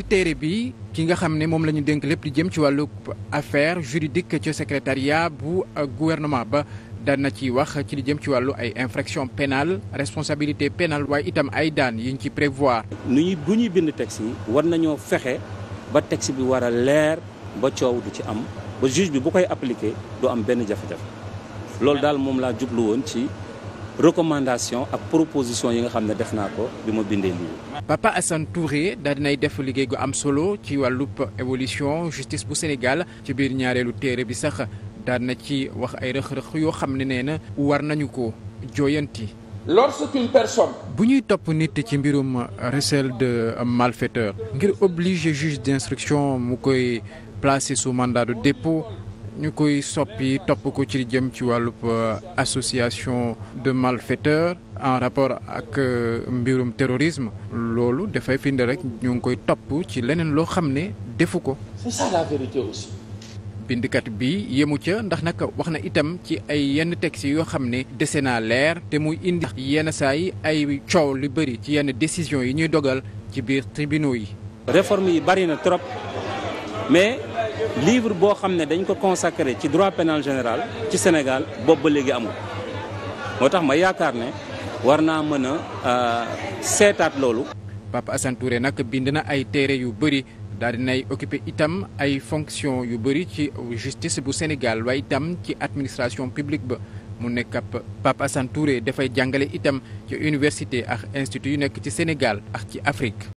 ci téere bi ki nga xam ne moom la ñu dénk lépp di jëm ci wàllu affaire juridique ca secrétariat bu euh, gouvernement ba daan na ci wax ci li jëm ci wàllu ay infraction penal responsabilité pénale waaye itam ay daan yi ñu ci prévoir. nu ñuy bu ñuy bind texte yi war nañoo fexe ba texte bi war a leer ba coow du ci am ba juge bi bu koy appliqué du am benn jafe-jafe loolu daal moom laa jublu woon ci. recommandation ak proposition yi nga xam ne def naa ko bi ma bindee lii. Papa Assane Touré daal nay def liggéey gu am solo ci wàllub évolution justice bu Sénégal ci biir ñaareelu téere bi sax daan na ci wax ay rëq-rëq yoo xam ne nee na war nañu ko jooyanti. lorsqu'une personne. bu ñuy topp nit ci mbirum recel de malfaiteur. ngir obliger juge d'instruction mu koy placer sous mandat de dépôt. ñu koy soppi topp ko ci jëm ci wàllub euh, association de malfaiteurs en rapport ak euh, mbirum terrorisme loolu dafay firnde rek ñu ngi koy topp ci leneen loo xam ne defu ko. c'est ça bi yemu ca ndax nag wax na itam ci ay yenn texte yoo xam ne dese naa leer te muy indi yenn saa yi ay coow lu bëri ci yenn décision yi ñuy dogal ci biir tribunaux yi. réforme yi bari na trop mais. livre boo xam ne dañ ko consacré ci droit pénal général ci Sénégal boobu ba léegi amul moo tax ma yaakaar ne war naa mën a euh, seetaat loolu. Papa Assane Touré nag bind na ay téere yu bëri daal nay occupé itam ay fonction yu bëri ci justice bu Sénégal waaye itam ci administration publique ba mu nekk ab Papa Assane dafay jàngale itam ci université ak institut yu nekk ci Sénégal ak ci Afrique.